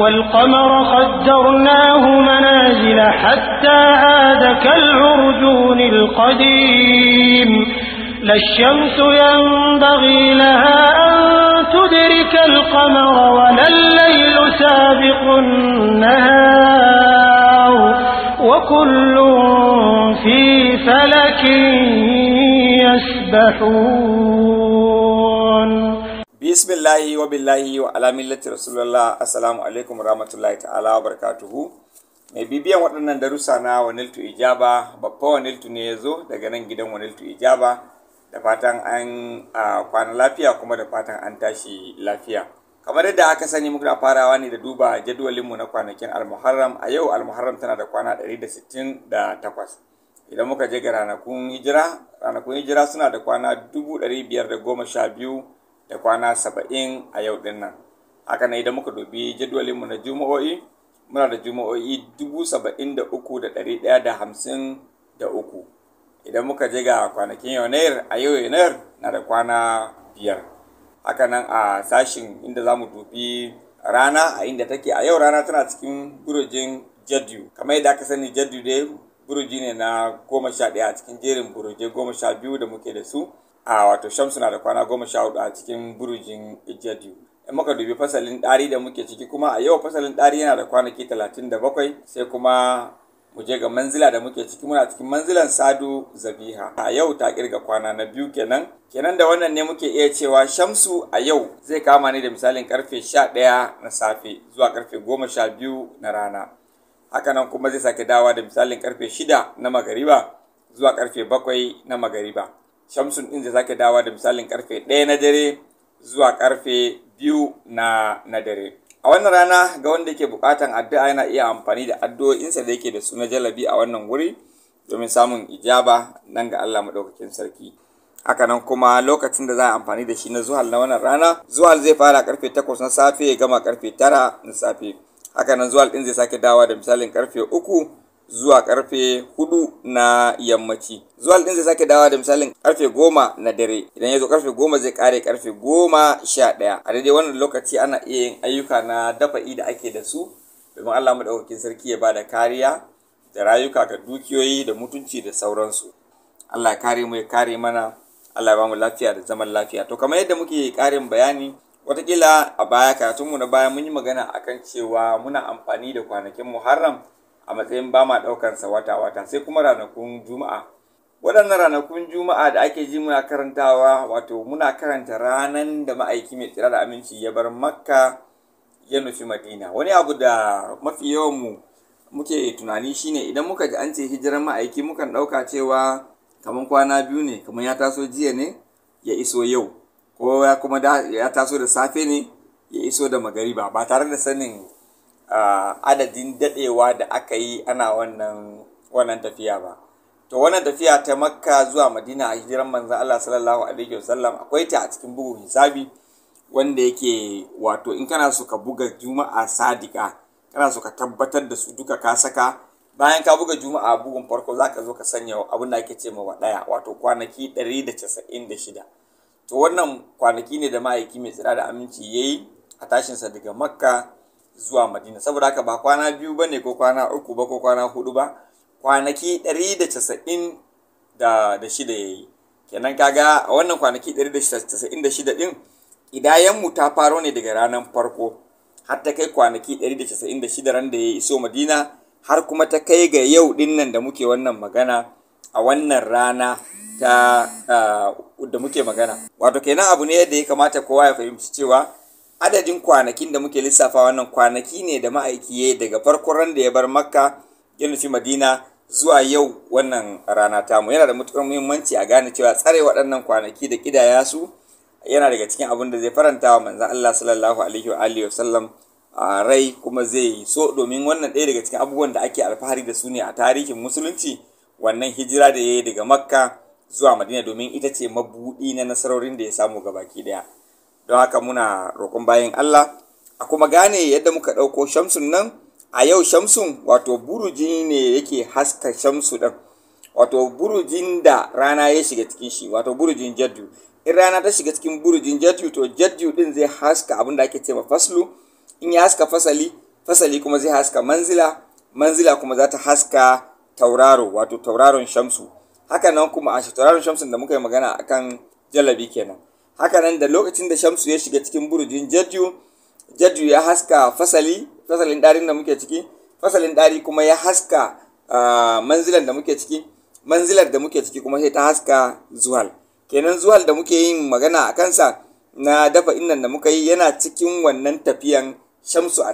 والقمر قدرناه منازل حتى عاد كالعرجون القديم لا الشمس ينبغي لها أن تدرك القمر ولا الليل سابق النهار وكل في فلك يسبحون bismillahi wa billahi wa alamillati rasulullah assalamu alaikum rahmatullahi ta'ala wa barakatuhu mai bibiyan waɗannan darussa na waniltu ijaba babba waniltu ne ya zo daga nan gidan waniltu ijaba da fatan an kwana lafiya kuma da fatan an tashi lafiya kamar yadda aka sani muka farawa ne da duba jadwalinmu na kwanakin almuharram a yau almuharram tana da kwana 168 idan muka je ga ranakun hijira ranakun hijira suna da kwana biyu. da kwana saba'in a yau din nan haka na idan muka dubi jadwalinmu na juma'o'i muna da juma'o'i dubu saba'in da uku da ɗari ɗaya da hamsin da uku idan muka je ga kwanakin yanayar a yau yanair na da kwana biyar haka nan a sashin inda za mu dubi rana a inda take a yau rana tana cikin burujin jadu kamar yadda aka sani jadu dai buruji ne na goma sha ɗaya a cikin jerin buruje goma sha biyu da muke da su a wato shamsu na da kwana goma sha hudu a cikin burujin ijadu in muka dubi fasalin ɗari da muke ciki kuma a yau fasalin ɗari yana da kwanaki talatin da bakwai sai kuma mu je ga manzila da muke ciki muna cikin manzilan sadu zabiha a yau ta kirga kwana na biyu kenan kenan da wannan ne muke iya cewa shamsu a yau zai kama ne da misalin karfe sha ɗaya na safe zuwa karfe goma sha biyu na rana hakanan kuma zai sake dawa da misalin karfe shida na magariba zuwa karfe bakwai na magariba shamsun ɗin zai zaka dawa da misalin karfe ɗaya na dare zuwa karfe biyu na dare a wannan rana ga wanda yake bukatan addu'a yana iya amfani da addu'o'insa da yake da su na jalabi a wannan wuri domin samun ijaba nan ga Allah maɗaukakin sarki hakanan kuma lokacin da za a amfani da shi na zuhal na wannan rana zuhal zai fara karfe takwas na safe ya gama karfe tara na safe hakanan zuhal ɗin zai sake dawa da misalin karfe uku. zuwa karfe hudu na yammaci zuwa din zai sake dawa da misalin karfe goma na dare idan ya zo karfe goma zai kare karfe goma sha ɗaya a daidai wannan lokaci ana iya yin ayyuka na dafa da ake da su domin allah maɗaukakin sarki ya ba da kariya da rayuka ga dukiyoyi da mutunci da sauransu allah kare mu ya kare mana allah ya ba mu lafiya da zaman lafiya to kamar yadda muke karin bayani watakila a baya karatunmu na baya mun yi magana akan cewa muna amfani da kwanakin muharram a matsayin ba ma ɗaukansa wata-wata sai kuma ranakun juma'a waɗannan ranakun juma'a da ake ji muna karantawa wato muna karanta ranan da ma'aiki mai tsira da aminci ya bar makka ya nufi madina wani abu da mafi yawan mu muke tunani shine idan muka ji an ce hijiran ma'aiki mukan ɗauka cewa kamar kwana biyu ne kamar ya taso jiya ne ya iso yau ko ya kuma ya taso da safe ne ya iso da magariba ba tare da sanin adadin dadewa da aka yi ana wannan tafiya ba to wannan tafiya ta makka zuwa madina a hijiran manzan allah sallallahu alaihi wasallam akwai ta a cikin bugun hisabi wanda yake wato in kana so ka buga juma'a sadika kana so ka tabbatar da su duka ka saka bayan ka buga juma'a bugun farko za ka zo ka sanya abin da ake ce ma daya wato kwanaki 196 to wannan kwanaki ne da ma'aiki mai tsira da aminci ya yi a tashinsa daga makka zuwa madina saboda haka ba kwana biyu ba ne ko kwana uku ba ko kwana hudu ba kwanaki 196 da casa'in da shida ya yi kenan kaga a wannan kwanaki 196 da casa'in da shida idayenmu ta faro ne daga ranar farko har ta kai kwanaki 196 da casa'in da shida ran da ya iso madina har kuma ta kai ga yau dinnan nan da muke wannan magana a wannan rana ta ah, da muke magana wato kenan abu ne yadda ya kamata kowa ya fahimci cewa adadin kwanakin da muke lissafa wannan kwanaki ne da ma'aiki ya daga farkon ran da ya bar makka ya nufi madina zuwa yau wannan rana tamu yana da matukar muhimmanci a gane cewa tsare waɗannan kwanaki da ƙidaya su yana daga cikin abin da zai faranta wa manzan Allah sallallahu alaihi wa alihi a rai kuma zai so domin wannan ɗaya daga cikin abubuwan da ake alfahari da su ne a tarihin musulunci wannan hijira da ya yi daga makka zuwa madina domin ita ce mabuɗi na nasarorin da ya samu gabaki ɗaya don haka muna roƙon bayan Allah a kuma gane yadda muka ɗauko shamsun nan a yau shamsun wato buruji ne yake haska shamsu ɗin wato burujin da rana ya shiga cikin shi wato burujin jaddu in rana ta shiga cikin burujin jaddu to jaddu ɗin zai haska abin da ake cewa faslu in ya haska fasali fasali kuma zai haska manzila manzila kuma za ta haska tauraro wato tauraron shamsu haka nan kuma a tauraron shamsun da muka yi magana akan jalabi kenan hakanan da lokacin da shamsu ya shiga cikin burujin jaju jaju ya haska fasali fasalin ɗarin da muke ciki fasalin ɗari kuma ya haska ah, manzilar da muke ciki manzilar da muke ciki kuma sai ta haska zuhal kenan zuhal da muke yin magana a kansa na dafa innan da muka yi yana cikin wannan tafiyan shamsu a